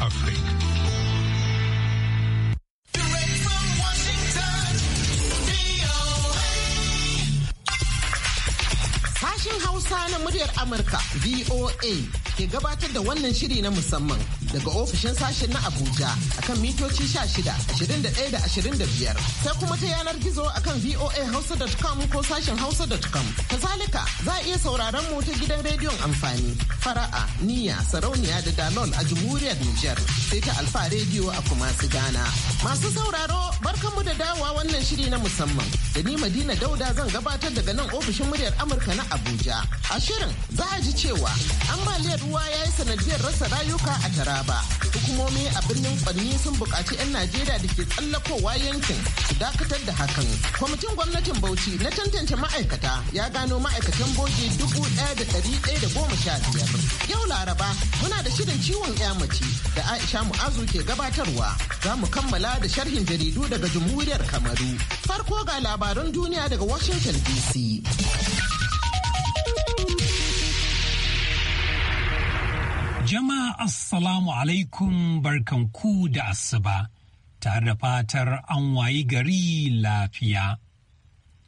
Afrique. Sashen Hausa na muryar Amurka, VOA, ke gabatar da wannan shiri na musamman daga ofishin sashen na Abuja akan mitoci 16, 21 da 25. Sai kuma ta yanar gizo akan voahausa.com ko sashen hausa.com. Kazalika za a iya sauraron mu ta gidan rediyon amfani fara'a niya sarauniya da dalol a jamhuriyar Nijar sai ta alfa rediyo a kumasi Ghana. Masu sauraro barkanmu da dawa wannan shiri na musamman da ni Madina Dauda zan gabatar daga nan ofishin muryar Amurka na Abuja. A shirin za a ji cewa ambaliyar ruwa ya yi sanadiyar rasa rayuka a tara ba hukumomi a birnin kwanni sun buƙaci 'yan najeriya da ke tsallakowa yankin su dakatar da hakan kwamitin gwamnatin bauchi na tantance ma'aikata ya gano ma'aikatan bauchi dubu ɗaya da ɗari ɗaya da goma sha biyar yau laraba muna da shirin ciwon ya mace da aisha mu'azu ke gabatarwa za mu kammala da sharhin jaridu daga jamhuriyar kamaru farko ga labaran duniya daga washington dc Jama'a Assalamu alaikum barkanku da asuba, tare da fatar an wayi gari lafiya.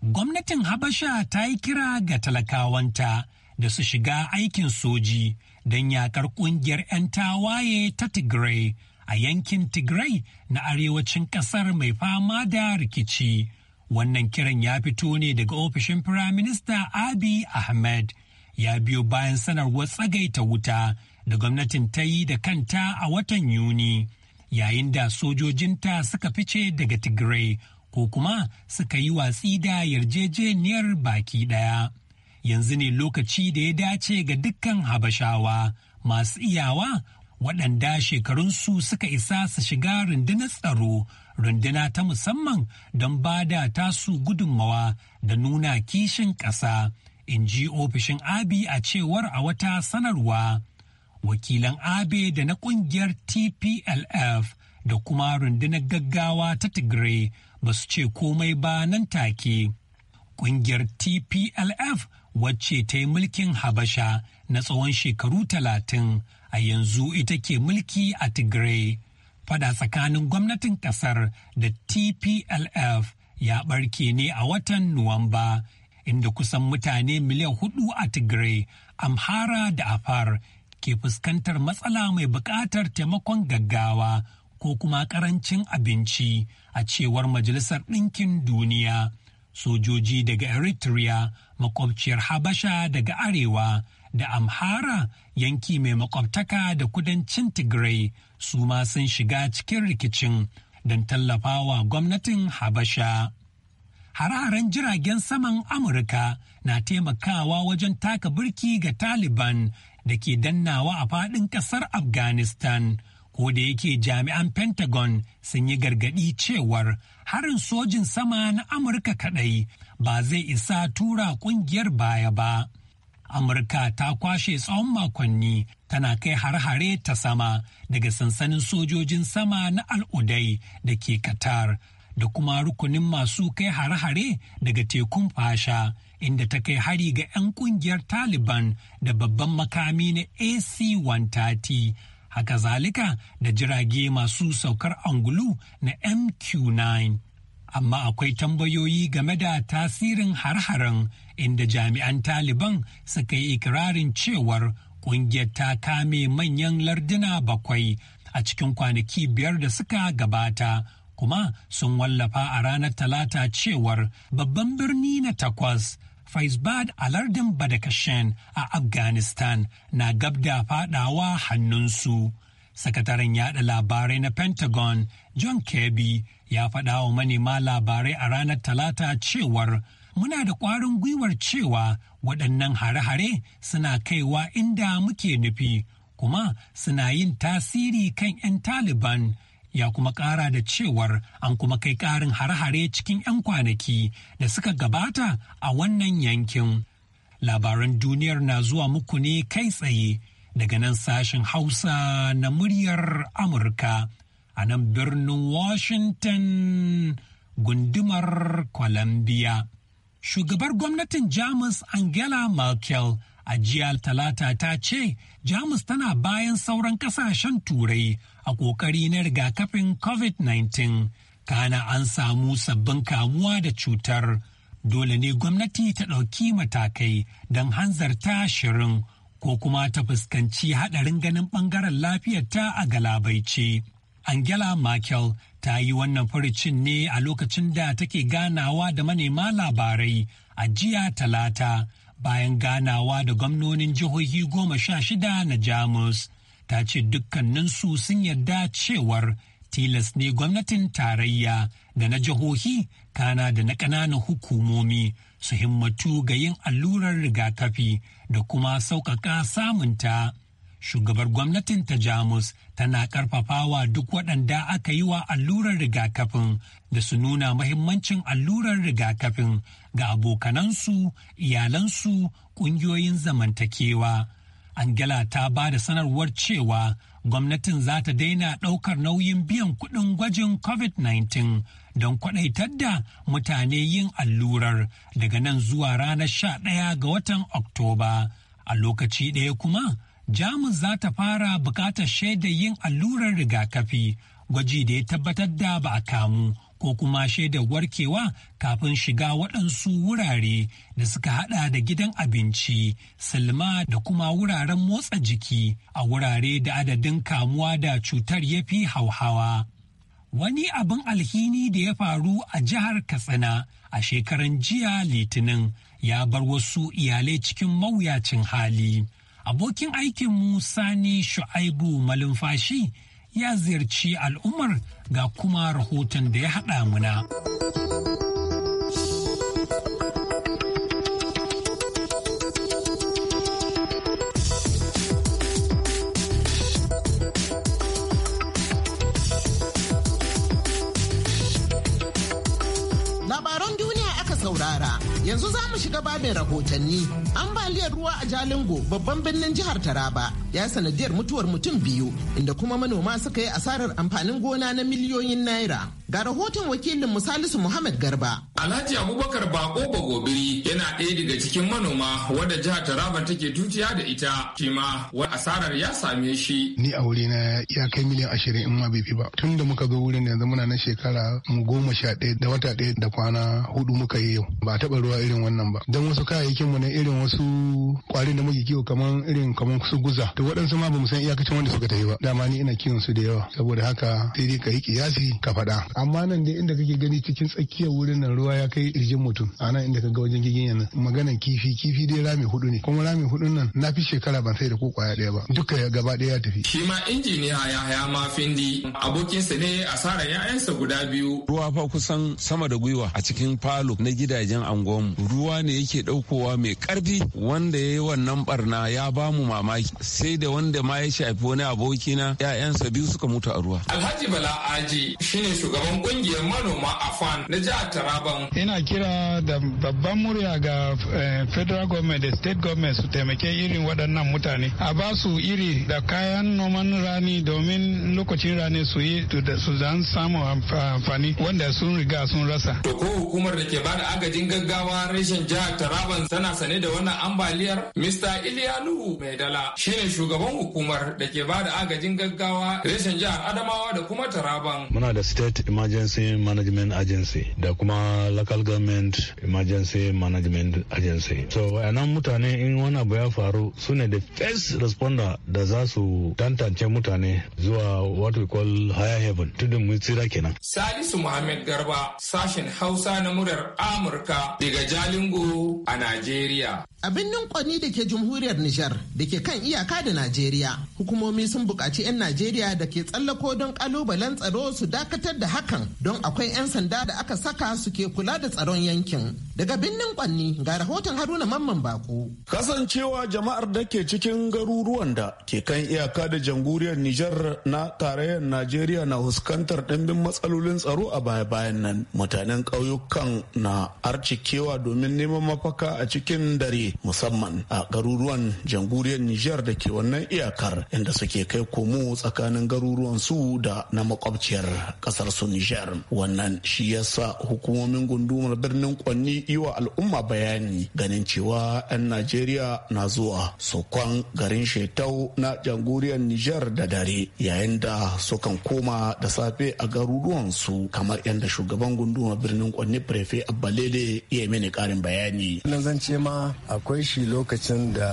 Gwamnatin Habasha ta yi kira ga talakawanta da su shiga aikin soji don yakar kungiyar 'yan tawaye ta Tigray a yankin Tigray na arewacin kasar mai fama da rikici. Wannan kiran ya fito ne daga ofishin Firaminista Abiy Ahmed ya biyo bayan sanarwar tsagaita wuta. da gwamnatin ta yi da kanta a watan Yuni, yayin da sojojinta suka fice daga Tigray ko kuma suka yi watsi da yarjejeniyar baki ɗaya. Yanzu ne lokaci da ya dace ga dukkan Habashawa masu iyawa waɗanda shekarunsu suka isa su shiga rundunar tsaro runduna ta musamman don ba da tasu gudunmawa da nuna kishin ƙasa in ji ofishin abi a cewar a wata sanarwa wakilan abe da na kungiyar tplf da kuma rundunar gaggawa ta tigray ba su ce komai ba nan take kungiyar tplf wacce ta yi mulkin habasha na tsawon shekaru talatin a yanzu ita ke mulki a tigray fada tsakanin gwamnatin kasar da tplf ya barke ne a watan nuwamba inda kusan mutane miliyan hudu a tigray amhara da afar ke fuskantar matsala mai buƙatar taimakon gaggawa ko kuma ƙarancin abinci a cewar Majalisar Ɗinkin Duniya. Sojoji daga Eritrea, makwabciyar Habasha daga Arewa, da Amhara yanki mai makwabtaka da kudancin Tigray su ma sun shiga cikin rikicin don tallafawa gwamnatin Habasha. hare-haren jiragen saman Amurka na taimakawa wajen taka birki ga Taliban da ke dannawa a faɗin ƙasar afghanistan ko da yake jami'an pentagon sun yi gargaɗi cewar harin sojin sama na amurka kaɗai ba zai isa tura ƙungiyar baya ba amurka ta kwashe tsawon makonni tana kai har-hare ta sama daga sansanin sojojin sama na al'udai da ke qatar da kuma rukunin masu kai har-hare daga tekun fasha inda ta kai hari ga 'yan kungiyar Taliban da babban makami na AC-130. Haka zalika da jirage masu saukar angulu na MQ-9. Amma akwai tambayoyi game da tasirin har-haren inda jami'an Taliban suka yi ikirarin cewar kungiyar ta kame manyan larduna bakwai a cikin kwanaki biyar da suka gabata kuma sun wallafa a ranar talata cewar babban birni na takwas bad a lardin Badakashen a Afghanistan na gab da fadawa hannunsu. Sakataren yada labarai na Pentagon John Kirby ya faɗa wa manema labarai a ranar Talata cewar muna da ƙwarin gwiwar cewa waɗannan hare-hare suna kaiwa inda muke nufi kuma suna yin tasiri kan 'yan Taliban. ya kuma ƙara da cewar an kuma kai ƙarin hare-hare cikin 'yan kwanaki da suka gabata a wannan yankin. Labaran duniyar na zuwa muku ne kai tsaye daga nan sashen Hausa na muryar Amurka a nan birnin Washington gundumar Columbia. Shugabar gwamnatin Jamus Angela Merkel a jiya talata ta ce Jamus tana bayan sauran kasashen turai a ƙoƙari na rigakafin COVID-19, kana an samu sabbin kamuwa da cutar. Dole ne gwamnati ta ɗauki matakai don hanzarta shirin ko kuma ta fuskanci haɗarin ganin ɓangaren lafiyarta a galabaice. Angela Merkel ta yi wannan furicin ne a lokacin da take ganawa da manema labarai a jiya talata bayan ganawa da gwamnonin jihohi goma sha shida na Jamus. ta ce dukkaninsu sun yarda cewar tilas ne gwamnatin tarayya da na jihohi kana da na ƙananan hukumomi su himmatu ga yin allurar rigakafi da kuma sauƙaƙa samunta. Shugabar gwamnatin ta Jamus tana ƙarfafawa duk waɗanda aka yi wa allurar rigakafin da su nuna mahimmancin allurar rigakafin ga abokanansu, iyalansu, ƙungiyoyin zamantakewa. Angela ta ba da sanarwar cewa gwamnatin za ta daina ɗaukar nauyin biyan kuɗin gwajin COVID-19 don kwaɗaitar da mutane yin allurar daga nan zuwa ranar 11 ga watan Oktoba. A lokaci ɗaya kuma, Jamus za ta fara buƙatar shaidar yin allurar rigakafi gwaji da ya tabbatar da ba a kamu ko kuma shaidar warkewa kafin shiga waɗansu wurare da suka hada da gidan abinci silma da kuma wuraren motsa jiki a wurare da adadin kamuwa da cutar ya fi hauhawa wani abin alhini da ya faru a jihar katsina a shekaran jiya litinin ya bar wasu iyalai cikin mawuyacin hali abokin aikinmu sani shu'aibu malumfashi ya ziyarci al'ummar ga kuma rahoton da ya haɗa muna. Yanzu za mu shiga babin rahotanni. Ambaliyar ruwa a Jalingo babban birnin jihar Taraba ya sanadiyar mutuwar mutum biyu inda kuma manoma suka yi asarar amfanin gona na miliyoyin naira. Ga rahoton wakilin Musalisu Muhammad Garba. Alhaji Abubakar Bako Bagobiri yana ɗaya daga cikin manoma wadda jiha Taraba take tutiya da ita. Shi ma asarar ya same shi. Ni a wuri na ya kai miliyan ashirin in ma bai fi ba. Tun da muka zo wurin yanzu muna na shekara mu goma sha ɗaya da wata ɗaya da kwana hudu muka yi yau. Ba taɓa ruwa irin wannan ba. Don wasu kayayyakin mu na irin wasu kwarin da muke kiwo kamar irin kamar su guza. To waɗansu ma bamu san iyakacin wanda suka tafi ba. Dama ni ina kiwon su da yawa. Saboda haka sai dai ka yi kiyasi ka faɗa. amma nan dai inda kake gani cikin tsakiyar wurin nan ruwa ya kai irjin mutum a nan inda kaga wajen gigin nan maganan kifi kifi dai rami hudu ne kuma rami hudu nan na fi shekara ban sai da ko kwaya daya ba duka ya gaba daya ya tafi shi ma injiniya ya haya ma findi abokinsa ne asarar ya'yansa guda biyu ruwa fa kusan sama da gwiwa a cikin falo na gidajen mu. ruwa ne yake daukowa mai karfi wanda ya yi wannan barna ya ba mu mamaki sai da wanda ma ya shafi wani abokina ya'yansa biyu suka mutu a ruwa alhaji bala aji shine shugaban shugaban kungiyar manoma afan na jihar taraban ina kira da babban murya ga eh, federal government da state government su taimake irin waɗannan mutane a ba su iri da kayan noman rani domin lokacin rani su yi su zan samu amfani wanda sun riga sun rasa to ko hukumar da ke ba da agajin gaggawa reshen jihar taraban tana sane da wannan ambaliyar mr iliya nuhu mai dala shine shugaban hukumar da ke ba da agajin gaggawa reshen jihar adamawa da kuma taraban muna da state emergency management agency da kuma local government emergency management agency so nan mutane in wani abu ya faru su ne the first responder da za su tantance mutane zuwa what we call higher heaven tudun mu tsira kenan salisu muhammad garba sashen hausa na murar amurka daga jalingo a najeriya A birnin Kwani da ke jamhuriyar Nijar da ke kan iyaka da Najeriya, hukumomi sun bukaci 'yan Najeriya da ke tsallako don ƙalubalen tsaro su dakatar da hakan don akwai 'yan sanda da aka saka suke kula da tsaron yankin. Daga birnin Kwani ga rahoton Haruna Mamman Bako. Kasancewa jama'ar da ke cikin garuruwan da ke kan iyaka da jamhuriyar Nijar na tarayyar Najeriya na fuskantar ɗimbin matsalolin tsaro a baya-bayan nan. Mutanen ƙauyukan na arcikewa domin neman mafaka a cikin dare musamman a garuruwan jamhuriyar Nijar da ke wannan iyakar inda suke kai komo tsakanin garuruwan su da na makwabciyar kasar su Nijar. Wannan shi yasa hukumomin gundumar birnin Kwanni yi wa al'umma bayani ganin cewa 'yan Najeriya na zuwa sokon garin Shetau na jamhuriyar Nijar da dare yayin da sukan koma da safe a garuruwan su kamar yadda shugaban gundumar birnin Kwanni Prefe Abbalele iya mini karin bayani. ma akwai shi lokacin da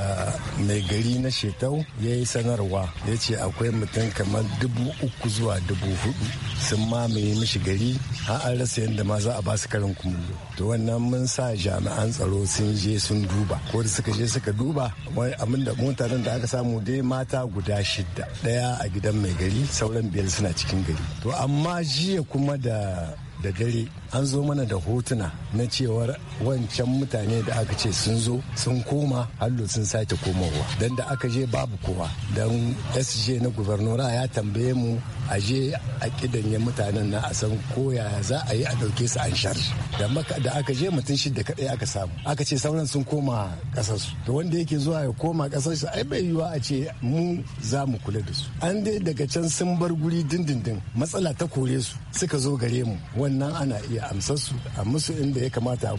mai gari na shetau ya yi sanarwa ya ce akwai mutum kamar dubu uku zuwa dubu hudu sun mamaye mishi gari har an rasa yadda ma za a ba su karin kumallo to wannan mun sa jami'an tsaro sun je sun duba ko da suka je suka duba wani abin da mutanen da aka samu dai mata guda shida daya a gidan mai gari sauran biyar suna cikin gari to amma jiya kuma da da dare an zo mana da hotuna na cewar wancan mutane da aka ce sun zo sun koma hallo sun sake komowa don da aka je babu kowa don sj na gubernora ya tambaye mu a je a kidanye mutanen na a san koya za a yi a ɗauke su an shar da aka je mutum shida kadai aka samu aka ce sauran sun koma su da wanda yake zuwa ya koma su ai bai yiwa a ce mu za mu kula da su an dai daga can sun bar guri dindindin matsala ta kore su suka zo gare mu wannan ana iya ya amsa su a musu inda ya kamata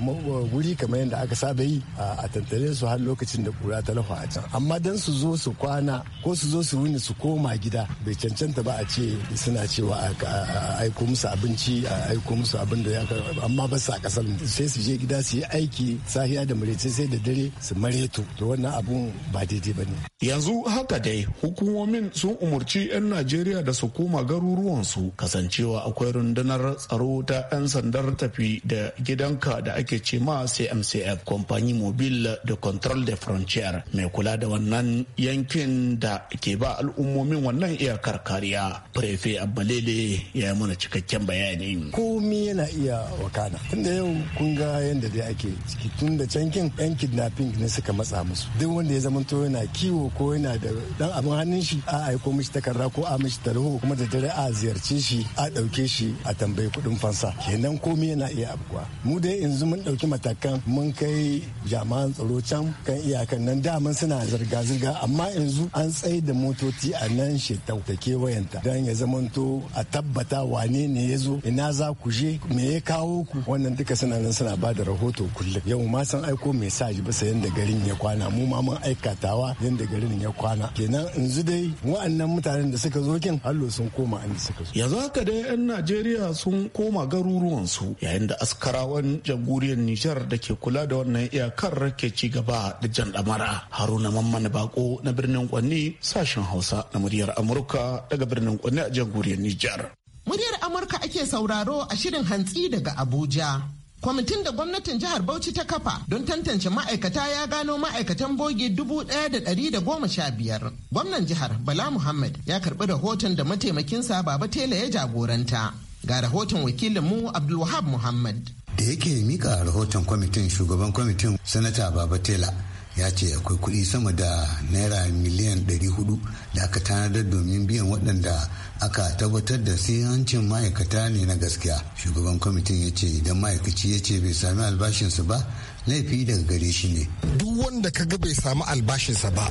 wuri kamar yadda aka saba yi a tantare su har lokacin da kura ta lafa a can amma dan su zo su kwana ko su zo su wuni su koma gida bai cancanta ba a ce suna cewa a aiko musu abinci a aiko musu abin da ya amma ba a kasar sai su je gida su yi aiki sahiya da murece sai da dare su mareto to wannan abun ba daidai ba ne yanzu haka dai hukumomin sun umarci 'yan najeriya da su koma garuruwansu kasancewa akwai rundunar tsaro ta 'yan sanda sandar tafi da gidanka da ake ce ma cmcf Kompanyi mobil da control de frontier mai kula da wannan yankin da ke ba al'ummomin wannan iyakar kariya prefe abbalele ya yi mana cikakken bayani komi yana iya wakana tunda yau kun ga yadda dai ake ciki tun da cankin yan kidnapping ne suka matsa musu duk wanda ya zamanto yana kiwo ko yana da dan abin hannun shi a aiko mishi takarda ko a mishi tarho kuma da dare a ziyarce shi a ɗauke shi a tambayi kuɗin fansa kenan komi yana iya afkuwa mu dai yanzu mun ɗauki matakan mun kai jami'an tsaro can kan iyakan nan daman suna zirga-zirga amma yanzu an tsaye da motoci a nan shetau da kewayenta don ya zamanto a tabbata wane ne ya zo ina za ku je me ya kawo ku wannan duka suna nan suna ba da rahoto kullum yau ma san aiko mai sa ji bisa yadda garin ya kwana mu ma mun aikatawa yadda garin ya kwana kenan yanzu dai wa'annan mutanen da suka zo kin hallo sun koma an suka zo yanzu haka dai yan najeriya sun koma garuruwan kansu yayin da askarawan jamhuriyar Nijar da ke kula da wannan iyakar ke ci gaba da jan damara. Haruna Mamman Bako na birnin Kwanni sashen Hausa na muryar Amurka daga birnin Kwanni a jamhuriyar Nijar. Muryar Amurka ake sauraro a shirin hantsi daga Abuja. Kwamitin da gwamnatin jihar Bauchi ta kafa don tantance ma'aikata ya gano ma'aikatan bogi dubu ɗaya da da ɗari goma sha biyar. Gwamnan jihar Bala Muhammad ya karbi rahoton da mataimakinsa Baba Tela ya jagoranta. ga rahoton wakilinmu abdulwahab muhammad da yake mika rahoton kwamitin shugaban kwamitin sanata baba tela ya ce akwai kuɗi sama da naira miliyan 400 da aka tanadar domin biyan waɗanda aka tabbatar da sai hancin ma'aikata ne na gaskiya shugaban kwamitin ya ce idan ma'aikaci ya ce bai sami albashinsa ba laifi daga gare shi ne duk wanda ka ga bai samu albashinsa ba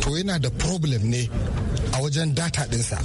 to yana da problem ne a wajen data dinsa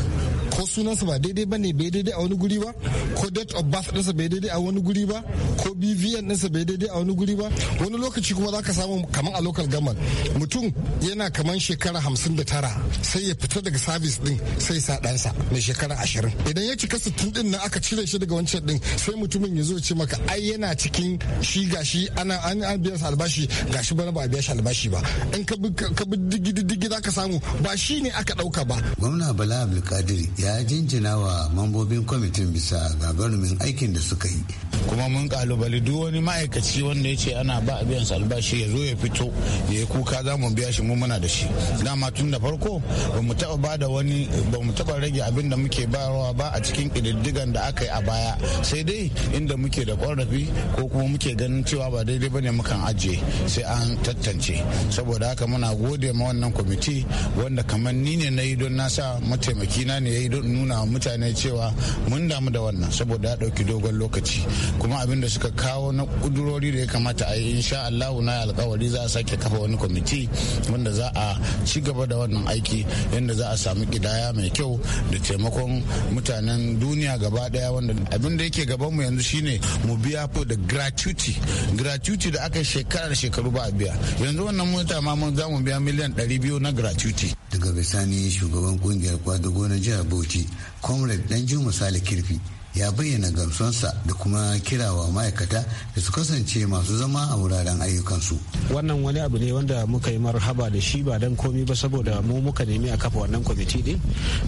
ko sunansa ba daidai ba ne bai daidai a wani guri ba ko date of birth dinsa bai daidai a wani guri ba ko bvn dinsa bai daidai a wani guri ba wani lokaci kuma za ka samu kamar a local government mutum yana kamar shekara hamsin da tara sai ya fita daga sabis din sai sa ɗansa mai shekara ashirin idan ya cika sittin din nan aka cire shi daga wancan din sai mutumin ya zo ce maka ai yana cikin shi gashi ana an wani an biya albashi shi bana ba a biya shi albashi ba in ka bi digi za ka samu ba shi ne aka ɗauka ba. gwamna bala abdulkadir ya jinjina wa mambobin kwamitin bisa gagarumin aikin da suka yi kuma mun kalubali duk wani ma'aikaci wanda ya ce ana ba a biyan albashi ya zo ya fito ya yi kuka za mu biya shi mu muna da shi dama tun da farko ba mu taba ba wani ba mu taba rage abin da muke bayarwa ba a cikin kididdigan da aka yi a baya sai dai inda muke da ƙorafi ko kuma muke ganin cewa ba daidai ba ne mukan ajiye sai an tantance saboda haka muna gode ma wannan kwamiti wanda kamar ni ne na yi don na sa mataimaki na ne ya yi don nuna mutane cewa mun damu da wannan saboda ya ɗauki dogon lokaci kuma abin da suka kawo na kudurori da ya kamata a yi insha Allah na alkawari za a sake kafa wani kwamiti wanda za a ci gaba da wannan aiki yadda za a samu kidaya mai kyau da taimakon mutanen duniya gaba daya wanda abin da yake gaban mu yanzu shine mu biya ko da gratuity gratuity da aka shekara da shekaru ba a biya yanzu wannan mota ma mun za mu biya miliyan 200 na gratuity daga bisani shugaban kungiyar kwadugo na jihar bauchi comrade dan juma sale kirfi ya bayyana gamsuwansa da kuma kirawa ma'aikata da su kasance masu zama a wuraren ayyukansu. Wannan wani abu ne wanda muka yi marhaba da shi ba don komi ba saboda mu muka nemi a kafa wannan kwamiti din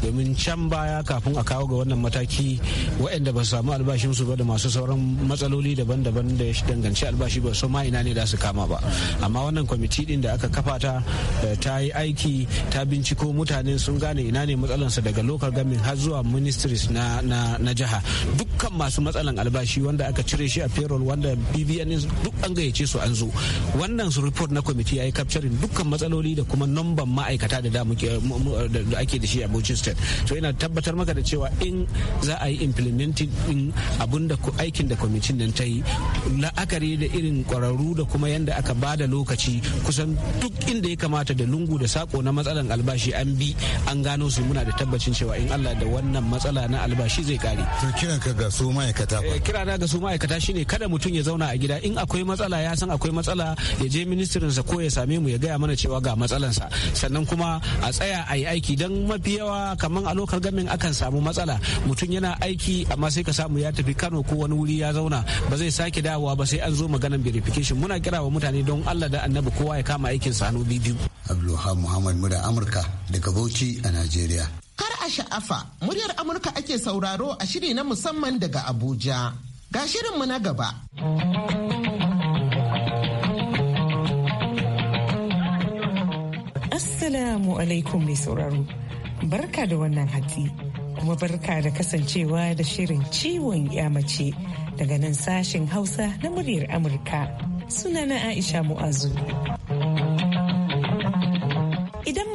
domin can baya kafin a kawo ga wannan mataki waɗanda ba su samu albashinsu ba da masu sauran matsaloli daban-daban da ya danganci albashi ba so ma ina ne da su kama ba amma wannan kwamiti din da aka kafa ta ta yi aiki ta binciko mutane sun gane ina ne matsalansa daga local gamin har zuwa ministries na jiha dukkan masu matsalan albashi wanda aka cire shi a payroll wanda bbn duk an gayyace su an zo wannan su report na kwamiti ya yi capturing dukkan matsaloli da kuma namban ma'aikata da da ake da shi a bauchi state to ina tabbatar maka da cewa in za a yi implementing din abun da aikin da kwamitin nan ta yi la'akari da irin kwararru da kuma yanda aka bada lokaci kusan duk inda ya kamata da lungu da sako na matsalan albashi an bi an gano su muna da tabbacin cewa in allah da wannan matsala na albashi zai kare kiran ka ga su ma'aikata ba eh, kira na ga su ma'aikata shine kada mutum ya zauna a gida in akwai matsala ya san akwai matsala ya je ministirin sa ko ya same mu ya gaya mana cewa ga matsalan sa sannan kuma a tsaya a yi aiki dan mafi yawa kaman a lokal gamin akan samu matsala mutum yana aiki amma sai ka samu ya tafi Kano ko wani wuri ya zauna ba zai sake dawowa ba sai an zo maganan verification muna kira wa mutane don Allah da annabi kowa ya kama aikin sa hannu biyu Abdulhamid Muhammad Mura Amurka daga Bauchi a Najeriya a sha'afa muryar Amurka ake sauraro a shiri na musamman daga Abuja. Ga shirinmu na gaba. Assalamu alaikum mai sauraro. Barka da wannan hatsi. Kuma barka da kasancewa da shirin ciwon mace daga nan sashen Hausa na muryar Amurka. Sunana Aisha Mu'azu.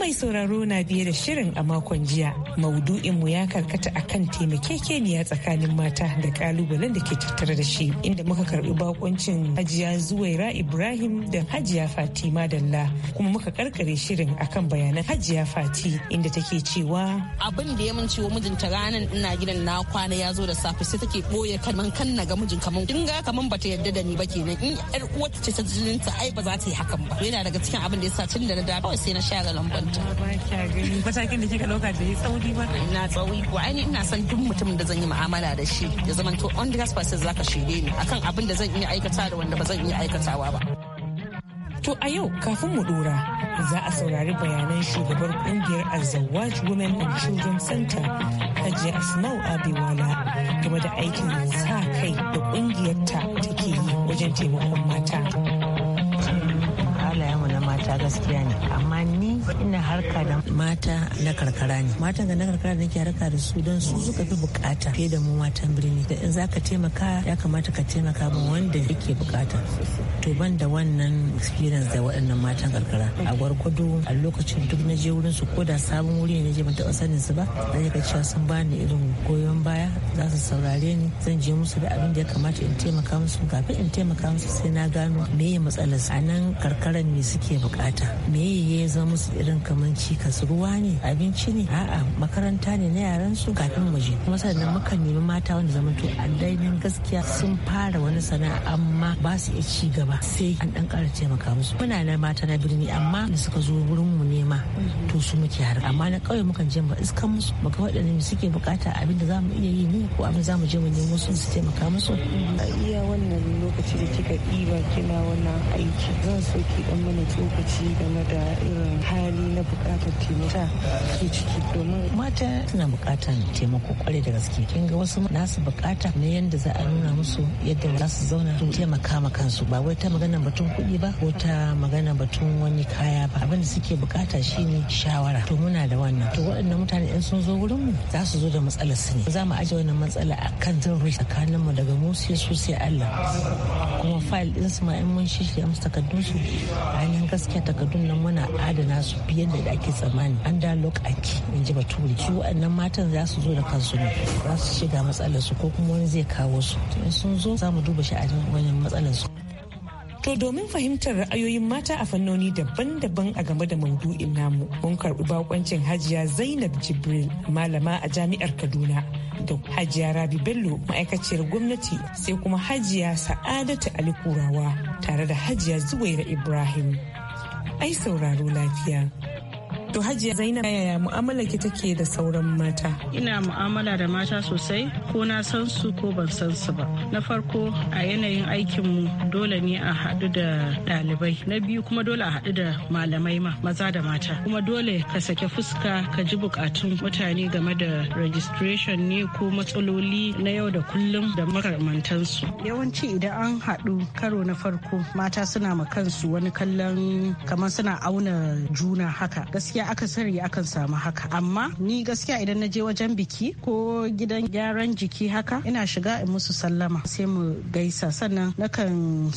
mai sauraro na biye da shirin a makon jiya maudu'inmu ya karkata akan taimakekeniya tsakanin mata da kalubalen da ke tattare da shi inda muka karbi bakoncin hajiya zuwaira ibrahim da hajiya fatima dalla kuma muka karkare shirin kan bayanan hajiya fati inda take cewa abin da ya min ciwo mijinta ranar ina gidan na kwana ya zo da safe sai take boye kalman kan na ga mijin kaman kin ga kaman bata yarda da ni ba kenan in yar ta ce ta jininta ai ba za ta yi hakan ba yana daga cikin abin da ya sa tun da na da kawai sai na sha ga lambanta ba kya gani da kika dauka da ya tsauri ba na tsauri ko ai ina son duk mutum da zan yi mu'amala da shi ya zama to on the spot zaka shige ni akan abin da zan iya aikata da wanda ba zan iya aikatawa ba To a yau kafin mu dora za a saurari bayanan shugabar kungiyar Azawaj Women and Children Center Hajiya Asmau Abiwala game da aikin sa kai da ta take yi wajen taimakon mata. gaskiya ne amma ni ina harka da mata na karkara ne matan ga na karkara da nake harka da su don su suka fi bukata fiye da mu matan birni da in zaka taimaka ya kamata ka taimaka ba wanda yake bukata to ban da wannan experience da waɗannan matan karkara a gwargwado a lokacin duk na je wurin su ko da sabon wuri ne je ban taɓa sanin su ba zan yi cewa sun bani irin goyon baya za su saurare ni zan je musu da abin da ya kamata in taimaka musu kafin in taimaka musu sai na gano meye matsalar a nan karkaran ne suke bukata meye ya zama musu irin kamar cikas ruwa ne abinci ne a'a makaranta ne na yaran su kafin mu je kuma sannan mukan nemi mata wanda zaman to a dainin gaskiya sun fara wani sana'a amma ba su iya ci gaba sai an dan taimaka musu muna na mata na birni amma da suka zo wurin mu nema to su muke har amma na kauye muka je mu iskan musu mu waɗanda suke bukata abinda za mu iya yi ne. ko abin za mu je mu nemo su su taimaka musu a iya wannan lokaci da kika ɗiba kina wannan aiki zan so ki dan mana tsokaci game da irin hali na bukatar taimako yasa ke ciki domin mata suna buƙatar taimako kwarai da gaske kin ga wasu nasu bukata na yanda za a nuna musu yadda za su zauna su taimaka ma kansu ba wai ta magana batun kuɗi ba ko ta magana batun wani kaya ba abin da suke buƙata shine shawara to muna da wannan to waɗannan mutane in sun zo wurin mu za su zo da matsalar su ne za mu aje wannan matsala a kan zurri tsakanin mu daga mu sai su sai Allah kuma fayil din su ma in mun shi amsa takaddun su ranar gaskiya takardun nan muna adana su biyar da ake tsammani tsammani an da lokanki in ji bature su waɗannan matan za su zo da kansu ne za su shiga matsalar su ko kuma wani zai kawo su in sun zo za mu duba sha'anin wannan matsalar su To domin fahimtar ra'ayoyin mata a fannoni daban-daban a game da maudu'in namu, mun karɓi bakoncin Hajiya Zainab Jibril, malama a Jami'ar Kaduna, da Hajiya Rabi Bello, ma'aikaciyar gwamnati, sai kuma Hajiya Sa'adatu Ali Kurawa, tare da Hajiya Zuwaira Ibrahim. Ai sauraro lafiya. To Hajiya Zainab yaya mu'amala ki take da sauran mata? Ina mu'amala da mata sosai ko na san su ko ban san su ba. Na farko a yanayin aikinmu dole ne a haɗu da ɗalibai. Na biyu kuma dole a haɗu da malamai ma maza da mata. Kuma dole ka sake fuska ka ji bukatun mutane game da registration ne ko matsaloli na yau da kullum da su Yawanci idan an haɗu karo na farko mata suna ma kansu wani kallon kamar suna auna juna haka. Gaskiya gaskiya akasari akan samu haka amma ni gaskiya idan na je wajen biki ko gidan gyaran jiki haka ina shiga in musu sallama sai mu gaisa sannan nakan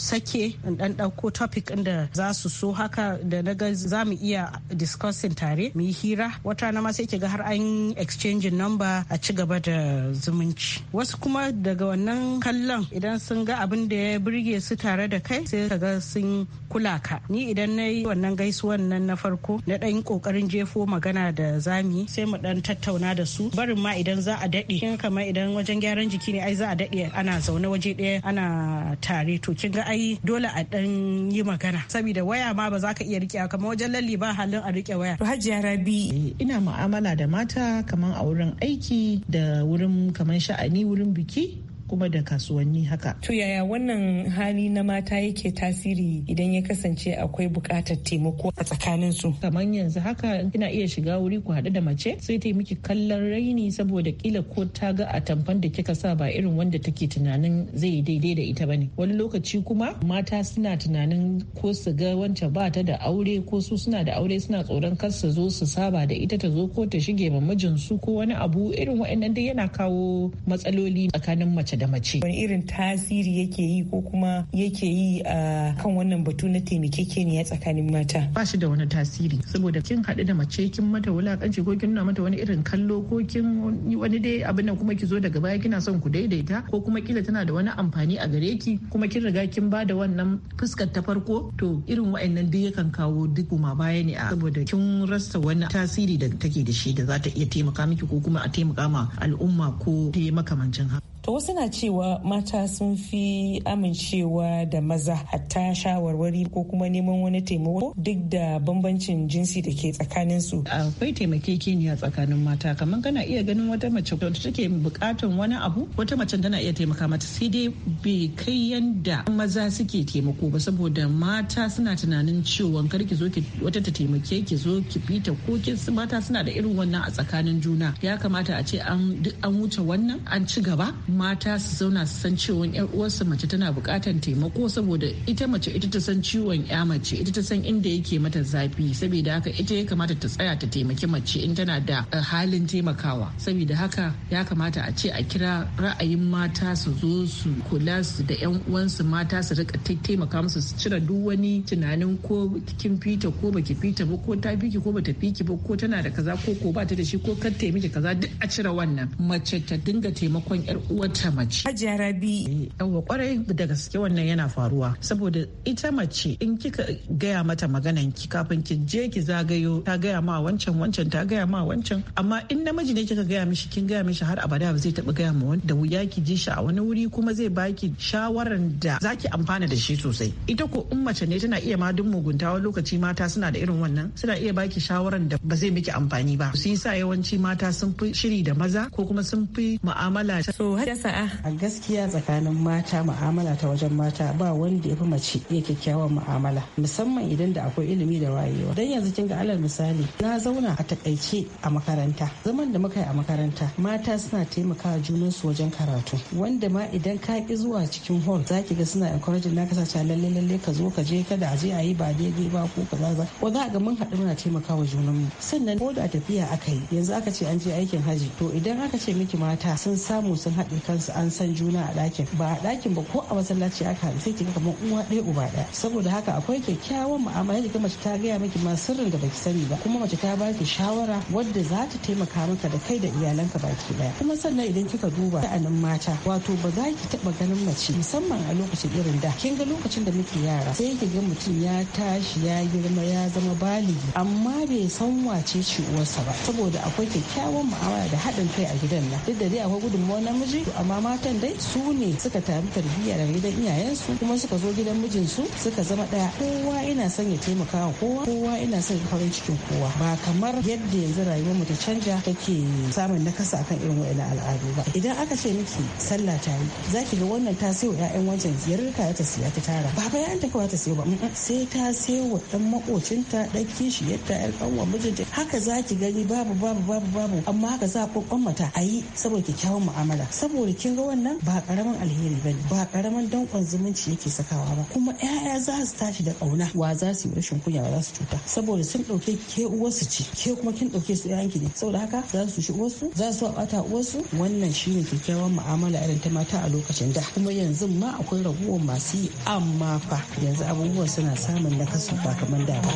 sake in dan dauko topic inda za su so haka da na ga za mu iya discussing tare mu yi hira wata na ma sai ga har an exchange number a ci gaba da zumunci wasu kuma daga wannan kallon idan sun ga abin da ya burge su tare da kai sai ka ga sun kula ka ni idan na yi wannan gaisuwan nan na farko na dan yi kokarin jefo magana da zami sai mu dan tattauna da su barin ma idan za a daɗe kin kamar idan wajen gyaran jiki ne ai za a daɗe ana zaune waje daya ana tare to kin ga ai dole a dan yi magana saboda waya ma ba za ka iya rike kamar wajen lalle ba halin a rike waya to hajiya rabi ina mu'amala da mata kamar a wurin aiki da wurin kamar sha'ani wurin biki kuma da kasuwanni haka. To yaya wannan hali na mata yake tasiri idan ya kasance akwai bukatar taimako a tsakanin su? Kamar yanzu haka kina iya shiga wuri ku haɗu da mace sai ta miki kallon raini saboda kila ko ta ga a tamfan da kika sa ba irin wanda take tunanin zai daidai da ita bane. Wani lokaci kuma mata suna tunanin ko su ga wancan ba ta da aure ko su suna da aure suna tsoron kar su zo su saba da ita ta zo ko ta shige ma mijinsu ko wani abu irin waɗannan dai yana kawo matsaloli tsakanin mace da mace. Wani irin tasiri yake yi ko kuma yake yi a kan wannan batu na taimakekeniya tsakanin mata? Ba shi da wani tasiri saboda kin haɗu da mace kin mata wulakanci ko kin nuna mata wani irin kallo ko kin wani dai abin nan kuma ki zo daga baya kina son ku daidaita ko kuma kila tana da wani amfani a gare ki kuma kin riga kin ba da wannan fuskar ta farko to irin wa'annan duk yakan kawo duk ma baya ne a saboda kin rasa wani tasiri da take da shi da za ta iya taimaka miki ko kuma a taimaka ma al'umma ko ta makamancin haka. To wasu na cewa mata sun fi amincewa da maza hatta shawarwari ko kuma neman wani taimako duk da bambancin jinsi da ke tsakanin su. Akwai taimakekeniya tsakanin mata kamar kana iya ganin wata mace da take bukatun wani abu wata mace tana iya taimaka mata sai dai bai kai yanda maza suke taimako ba saboda mata suna tunanin cewa kar ki zo ki wata ta taimake ki zo ki fita ko ki mata suna da irin wannan a tsakanin juna ya kamata a ce an wuce wannan an ci gaba mata su zauna su san ciwon yar uwarsa mace tana bukatan taimako saboda ita mace ita ta san ciwon ya mace ita ta san inda yake mata zafi saboda haka ita ya kamata ta tsaya ta taimaki mace in tana da eh, halin taimakawa saboda haka ya kamata a ce a kira ra'ayin mata su zo su kula su da yan uwansu mata su rika taimaka musu su cire duk wani tunanin ko kin fita ko baki fita ba ko ta fiki ko bata fiki ba ko tana da kaza ko ko ba da shi ko kar taimaki kaza duk a cire wannan mace ta dinga taimakon yar uwa wata mace. A Rabi. Eh, Yawwa kwarai da gaske wannan yana faruwa saboda ita mace in kika gaya mata maganan ki kafin ki je ki zagayo ta gaya ma wancan wancan ta gaya ma wancan amma in namiji ne kika gaya mishi kin gaya mishi har abada ba zai taba gaya ma wani da wuya ki ji shi a wani wuri kuma zai baki shawaran da zaki amfana da shi sosai ita ko in mace ne tana iya ma duk mugunta wani lokaci mata suna da irin wannan suna iya baki shawaran da ba zai miki amfani ba su sa yawanci mata sun fi shiri da maza ko kuma sun fi mu'amala so ta sa'a. A gaskiya tsakanin mata ma'amala ta wajen mata ba wanda ya fi mace iya kyakkyawan ma'amala, musamman idan da akwai ilimi da wayewa. Dan yanzu kin ga alal misali na zauna a takaice a makaranta. Zaman da muka yi a makaranta mata suna taimakawa junansu wajen karatu wanda ma idan ka ki zuwa cikin hall za ki ga suna encouraging na kasance lalle lalle ka zo ka je kada a je a yi ba daidai ba ko kaza za ko za ga mun haɗu muna taimakawa junan mu. sannan ko da tafiya aka yi yanzu aka ce an je aikin haji to idan aka ce miki mata sun samu sun haɗe kansu an san juna a ɗakin ba a ɗakin ba ko a masallaci aka haɗu sai kika kamar uwa ɗaya uba ɗaya saboda haka akwai kyakkyawan mu'amala yadda mace ta gaya miki ma sirrin da baki sani ba kuma mace ta baki shawara wadda za ta taimaka maka da kai da iyalanka baki ɗaya kuma sannan idan kika duba sha'anin mata wato ba za ki taɓa ganin mace musamman a lokacin irin da kin ga lokacin da muke yara sai ki ga mutum ya tashi ya girma ya zama baligi amma bai san wace ce uwarsa ba saboda akwai kyakkyawan mu'amala da haɗin kai a gidan nan duk da dai akwai gudunmawar namiji to amma matan dai su ne suka taru tarbiyya daga gidan iyayensu kuma suka zo gidan mijinsu suka zama daya kowa ina son ya taimaka wa kowa kowa ina son farin cikin kowa ba kamar yadda yanzu rayuwar mu ta canja take samun nakasa akan irin wa'annan al'adu ba idan aka ce miki sallah ta yi zaki ga wannan ta sayo ya'yan wancan ya ta siya ta tara ba bayan ta kawai ta sayo ba sai ta sayo wa dan makocinta dan yadda yar kanwa mijinta haka zaki gani babu babu babu babu amma haka za a kokon mata a yi saboda kyakkyawan mu'amala saboda saboda kin ga wannan ba karamin alheri ba ba karamin dankon zumunci yake sakawa ba kuma yaya za su tashi da kauna wa za su yi rashin kunya ba za su cuta saboda sun dauke ke uwarsu ce ke kuma kin dauke su yayanki ne saboda haka za su shi uwarsu za su bata uwarsu wannan shine kyakkyawan mu'amala irin ta mata a lokacin da kuma yanzu ma akwai raguwar masu yi amma fa yanzu abubuwan suna samun nakasu ba kamar da ba.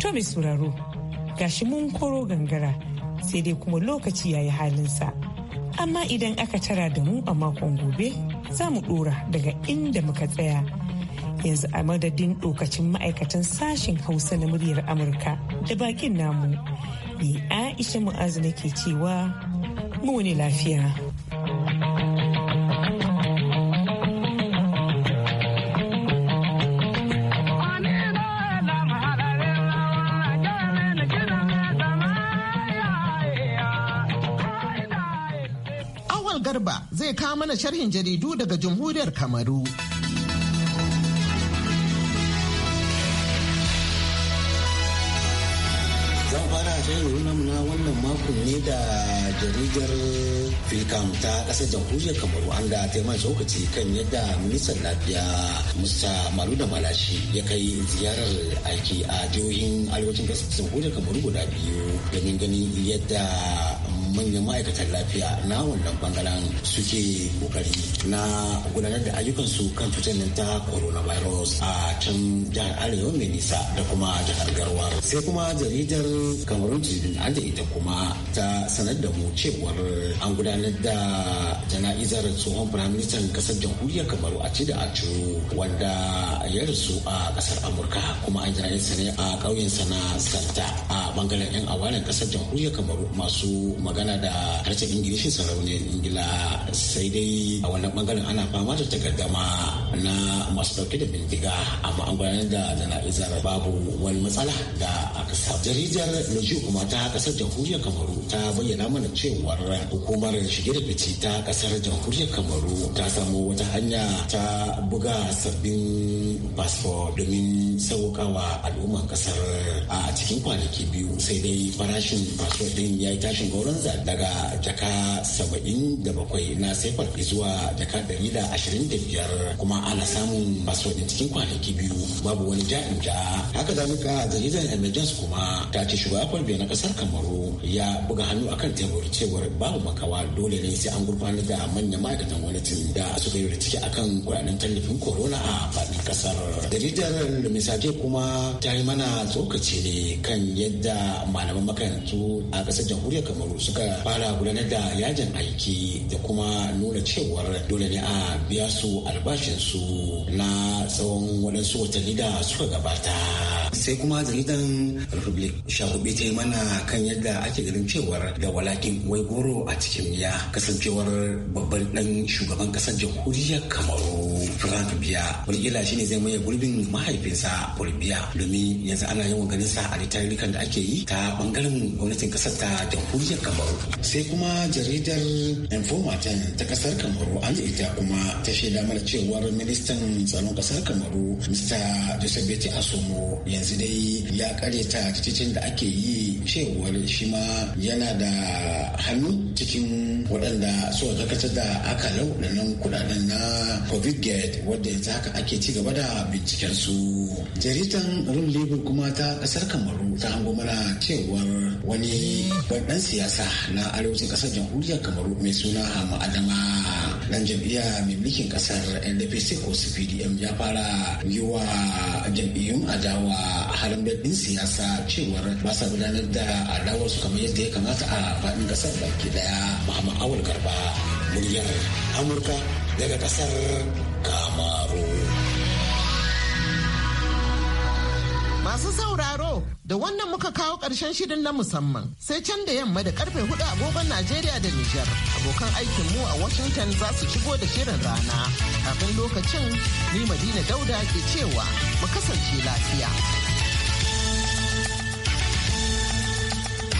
To gashi mun koro gangara sai dai kuma lokaci ya yi halinsa. Amma idan aka tara da mu a makon gobe, za mu ɗora daga inda muka tsaya. Yanzu a madadin ɗokacin ma'aikatan sashen Hausa na muryar Amurka da bakin namu, ne Aisha Mu'azu nake cewa mu ne lafiya. Garba zai kawo mana sharhin jaridu daga Jamhuriyar Kamaru. zan fara shirin namu na wannan makon ne da jaridar filkam ta kasar jamhuriyar kamaru an ta mai tsokaci kan yadda ministan lafiya musta malu da malashi ya kai ziyarar aiki a jihohin arewacin kasar jamhuriyar kamaru guda biyu domin ganin yadda manyan ma'aikatan lafiya na wannan bangaren suke kokari na gudanar da ayyukan su kan cutar nan ta coronavirus a can jihar arewa mai nisa da kuma jihar garwa sai kuma jaridar cameroon tribune an da ita kuma ta sanar da mu cewar an gudanar da jana'izar tsohon firaministan kasar jamhuriyar kamaru a ci da a wanda ya rasu a kasar amurka kuma an jana'izar ne a ƙauyensa na santa a bangaren 'yan awalin kasar jamhuriyar kamaru masu magana magana da harshen ingilishi sarauniyar ingila sai dai a wannan bangaren ana fama da takaddama na masu dauke da bindiga amma an gudanar da jana'izar babu wani matsala da aka samu jaridar leju kuma ta kasar jamhuriyar kamaru ta bayyana mana cewar hukumar shige da fice ta kasar jamhuriyar kamaru ta samu wata hanya ta buga sabbin wannan fasfo domin wa al'umman kasar a cikin kwanaki biyu sai dai farashin fasfo din ya yi tashin za daga jaka saba'in da bakwai na sefar zuwa jaka ɗari da ashirin da biyar kuma ana samun fasfo din cikin kwanaki biyu babu wani jaɗin ja haka zalika jaridar emergence kuma ta ce shugaba kwalbe na kasar kamaru ya buga hannu akan tebur cewar babu makawa dole ne sai an gurfanar da manyan ma'aikatan gwamnatin da suka yi a akan kuɗaɗen tallafin corona a faɗin ƙasa kasar jaridar misali kuma ta yi mana tsokaci ne kan yadda malaman makarantu a kasar jamhuriyar kamaru suka fara gudanar da yajin aiki da kuma nuna cewar dole ne a biya su albashinsu na tsawon waɗansu watanni da suka gabata sai kuma jaridan republic shahubi ta yi mana kan yadda ake ganin cewar da walakin wai goro a cikin ya kasancewar babban dan shugaban kasar jamhuriyar kamaru frank biya walƙila shine zai maye gurbin mahaifinsa paul biya domin yanzu ana yawan ganin sa a litarikan da ake yi ta bangaren gwamnatin kasar ta jamhuriyar kamaru sai kuma jaridar informatan ta kasar kamaru an ita kuma ta shaida mana cewar ministan tsaron kasar kamaru mr joseph asomo ya yanzu dai ya karyata titin da ake yi cewar shi ma yana da hannu cikin waɗanda suka karkatar da akalau waɗannan kuɗaɗen na covid gate wadda yanzu haka ake ci gaba da binciken su jaridan rum label kuma ta ƙasar kamaru ta hango mana cewar wani babban siyasa na arewacin ƙasar jamhuriyar kamaru mai suna hama adama dan jam'iyya mai mulkin kasar ndpc ko cpdm ya fara yi wa jam'iyyun adawa halin daɗin siyasa cewar ba sa gudanar da su kamar yadda ya kamata a faɗin kasar baki daya muhammad awul garba muryar amurka daga kasar kamaru masu sauraro Da wannan muka kawo ƙarshen shirin na musamman sai can da yamma da karfe hudu agogon Najeriya da Nijar. Abokan aikin mu a Washington za su shigo da shirin rana. Kafin lokacin ni Madina Dauda ke cewa mu kasance lafiya.